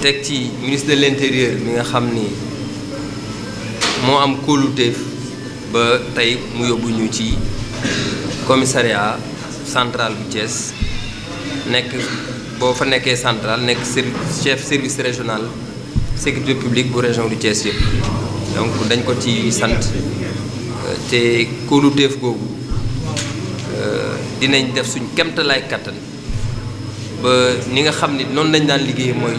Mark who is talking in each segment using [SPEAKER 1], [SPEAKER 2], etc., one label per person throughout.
[SPEAKER 1] teg ci ministre de l'intérieur mi nga xam ni moo am kóoluteef ba tey mu yóbbu ñu ci commissariat central bu Thiès nekk boo fa nekkee central nekk chef service régional sécurité publique bu région du Thiès yëpp donc dañ ko ci sant te kóoluteef googu dinañ def suñ kemtalaay kattan ba ni nga xam ni noonu lañ daan liggéey mooy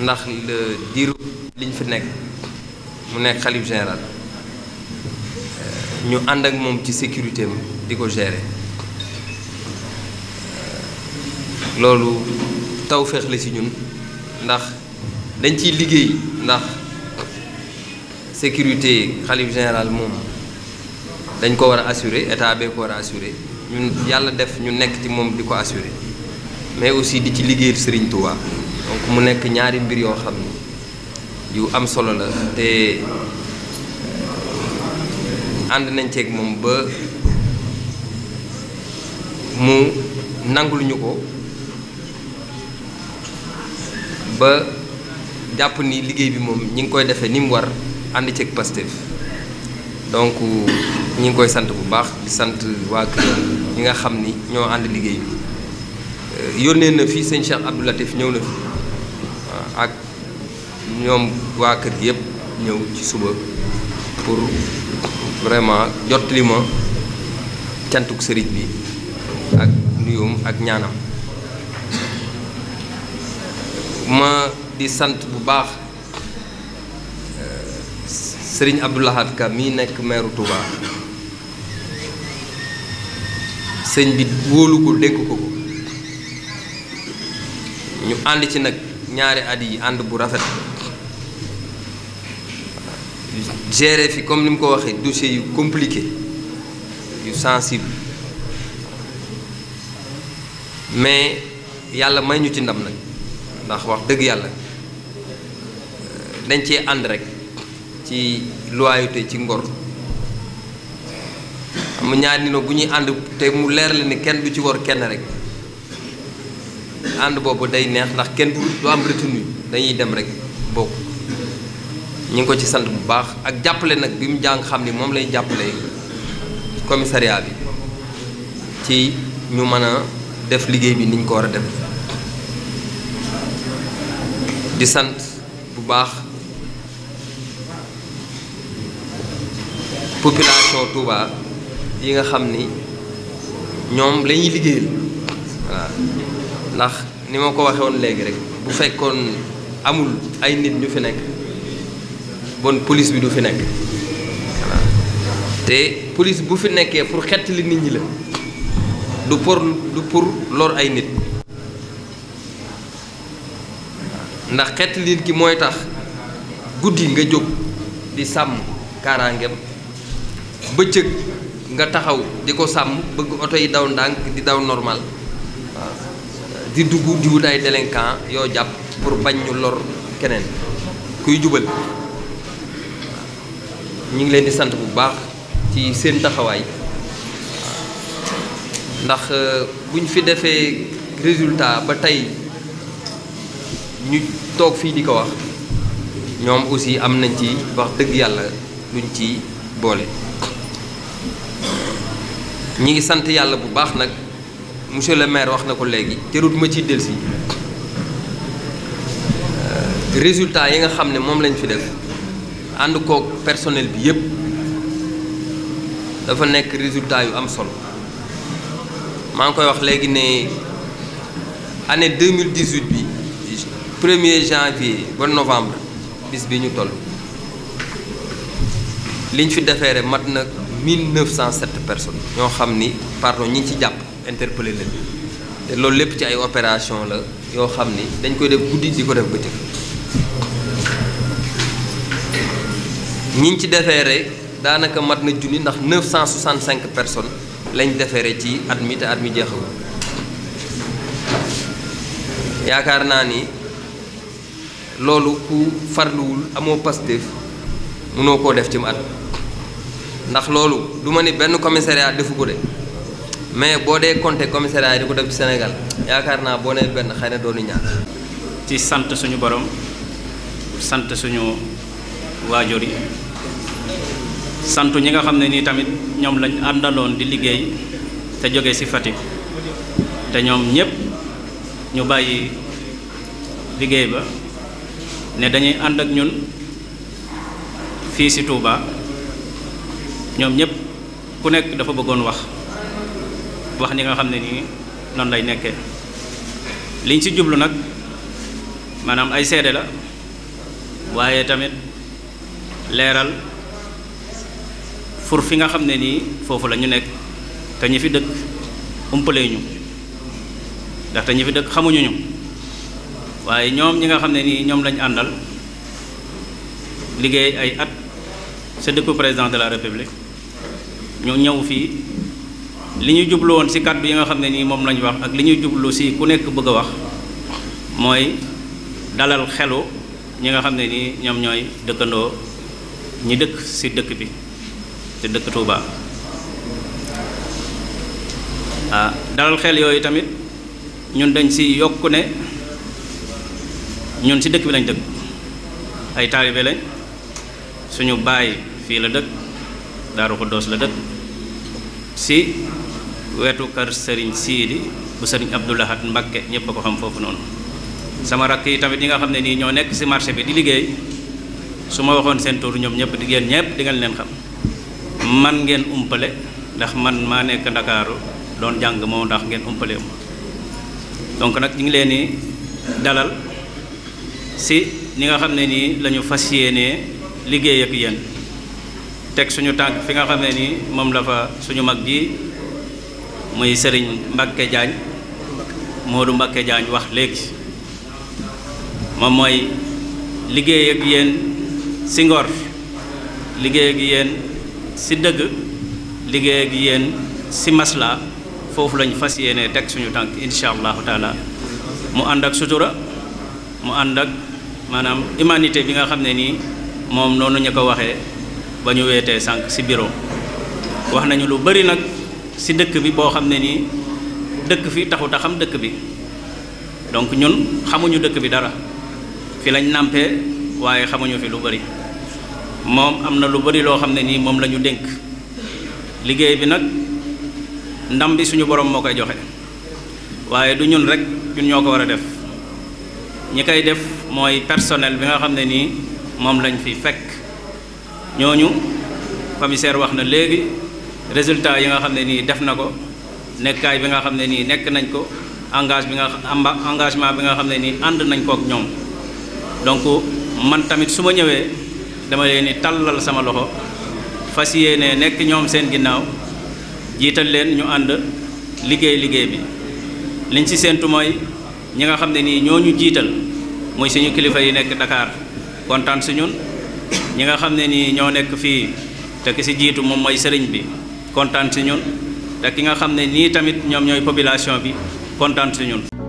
[SPEAKER 1] ndax le diiru liñ fi nekk mu nekk xalif général ñu ànd ak moom ci sécurité am di ko gérer loolu tawféex la ci ñun ndax dañ ciy liggéey ndax sécurité xalif général moom dañ ko war a assurer état bee ko war a assurer ñun yàlla def ñu nekk ci moom di ko assurer mais aussi di ci liggéeyal Serigne Touba. donc mu nekk ñaari mbir yu am solo la te ànd nañ ceeg moom ba mu nangul ñu ko ba jàpp ni liggéey bi moom ñi koy defee ni war ànd ceeg pastef donc ñi ngi koy sant bu baax di sant waa kër ñi nga xam ni ñoo ànd bi euh, yónnee na fi Cheikh Abdou Latif ñëw na fi ak ñoom waa kër gi yëpp ñëw ci suba pour vraiment jot li ma cantuk sëriñ bi ak nuyum ak ñaanam ma di sant bu baax euh, sëriñ Abdou Lahad Ka mii nekk meeru Touba sëñ bi wóolu ko dénk ko ko ñu ànd ci nag ñaari at yi ànd bu rafet géré fi comme ni mu ko waxee dossier yu compliqué yu sensible mais yàlla may ñu ci ndam nag ndax wax dëgg yàlla dañ cee ànd rek ci loyauté ci ngor am ñaari nino bu ñuy ànd te mu leer la ni kenn du ci war kenn rek ànd boobu day neex ndax kenn du am retenu dañuy dem rek bokk ñu ngi ko ci sant bu baax ak jàppale nag bi mu jàng xam ni moom lay jàppale commissariat bi ci ñu mën a def liggéey bi niñ ko war a def di sant bu baax population Touba yi nga xam ni ñoom lañuy liggéeyal waaw ndax ni ma ko waxe woon léegi rek bu amul ay nit ñu fi nekk bon police bi du fi nekk te police bu fi nekkee pour nit ñi la du pour du pour lor ay nit ndax ki mooy tax guddi nga jóg di sam kaaraangeem bëccëg nga taxaw di ko sàmm bëgg oto yi daw ndànk di daw normal di dugu di wut yo délinquant yoo jàpp pour bañ lor kuy jubal ñu ngi leen di sant bu baax ci seen taxawaay ndax euh, buñ fi defee résultat ba tey ñu toog fii di wax aussi am nañ ci wax dëgg yàlla luñ ci boole ñi ngi sant yàlla bu baax nak. monsieur le maire wax na ko léegi jarut ma ci delsi euh, résultat yi nga xam ne moom lañ fi def ànd koog personnel bi yépp dafa nekk résultat yu am solo maa ngi koy wax léegi ne année 2018 bi 1er janvier ba novembre bis bi ñu toll liñ fi defeere mat na 1907 personnes ñoo xam ni pardon ñi ci jàpp interpellé leen te loolu lépp ci ay opération la yoo xam ni dañ koy def guddi di ko def bëccëg ñiñ ci defee rek daanaka mat na junni ndax 965 personnes lañ rek ci at mi te at mi jeexagul yaakaar naa ni loolu ku farluwul amoo Pastef mënoo koo def ci mu at ndax loolu du ma ni benn commissariat defu ko de mais boo dee compté commissariat yi di ko def senegal yaakaar naa boo nee benn xëy na doonu ñaar. ci sant suñu borom sant suñu waajur yi
[SPEAKER 2] sant ñi nga xam ne nii tamit ñoom lañ àndaloon di liggéey te joge ci Fatick te ñoom ñépp ñu bàyyi liggéey ba ne dañuy ànd ak ñun fii ci tuuba ñoom ñépp ku nekk dafa bëggoon wax. wax ni nga xam ne nii noonu lay nekkee liñ ci jublu nag maanaam ay seede la waaye tamit leeral fur fi nga xam ne nii foofu la ñu nekk te ñi fi dëkk umpalee ñu ndaxte ñi fi dëkk xamuñu ñu waaye ñoom ñi nga xam ne nii ñoom lañ àndal liggéey ay at sa dëkku président de la république ñu ñëw fii li ñu jublu woon ci kàddu yi nga xam ne nii moom lañu wax ak li ñu jublu si ku nekk bëgg a wax mooy dalal xelu ñi nga xam ne nii ñoom ñooy dëkkandoo ñi dëkk si dëkk bi te dëkk Touba ah dalal xel yooyu tamit ñun dañ si yokku ne ñun ci dëkk bi lañ dëkk ay taalibe lañ suñu baay fii la dëkk Daaru Xuddoos la dëkk si wetu kër sëriñ siidi bu Abdullah abdoulahat mbakke ñëpp ko xam foofu non sama rakk yi tamit ñi nga xam ne ñoo nekk si marché bi di liggéey su ma waxoon seen tur ñoom ñëpp di ngeen ñëpp di ngeen leen xam man ngeen umpale ndax man maa nekk ndakaaru doon jàng ndax ngeen ma donc nag ngi dalal si ñi nga xam ne nii la ñu liggéey ak teg suñu tànk fi nga xam ne nii moom la fa suñu mag ji muy Serigne Mbacke Diagne Modou Mbacke jaañ wax léegi moom mooy liggéey ak yéen si ngor liggéey ak yéen si dëgg liggéey ak yéen si masla foofu lañ fas yéenee teg suñu tànk incha allahu taala mu ànd ak sutura mu ànd ak maanaam humanité bi nga xam ne nii moom noonu ñu ko waxee. ba ñu weetee sànq si bureau wax nañu lu bari nag si dëkk bi boo xam ne nii dëkk fi taxut a xam dëkk bi donc ñun xamuñu dëkk bi dara fi lañ nàmpee waaye xamuñu fi lu bari moom am na lu bari loo xam ne nii moom lañu dénk liggéey bi nag ndam bi suñu borom moo koy joxe waaye du ñun rek ñun ñoo ko war a def ñi koy def mooy personnel bi nga xam ne nii moom lañ fi fekk ñooñu commissaire wax na léegi résultat yi nga xam ne nii def na ko nekkaay bi nga xam ne nii nekk nañ ko engage bi nga engagement bi nga xam ne nii ànd nañ ko ak ñoom donc man tamit su ma ñëwee dama leen di tàllal sama loxo fas yéene nekk ñoom seen ginnaaw jiital leen ñu ànd liggéey liggéey bi liñ ci séentu mooy ñi nga xam ne nii ñoo ñu jiital muy suñu kilifa yi nekk Dakar kontaan si ñun ñi nga xam ne nii ñoo nekk fii te ki si jiitu moom mooy sëriñ bi kontaan si ñun te ki nga xam ne nii tamit ñoom ñooy population bi kontaan si ñun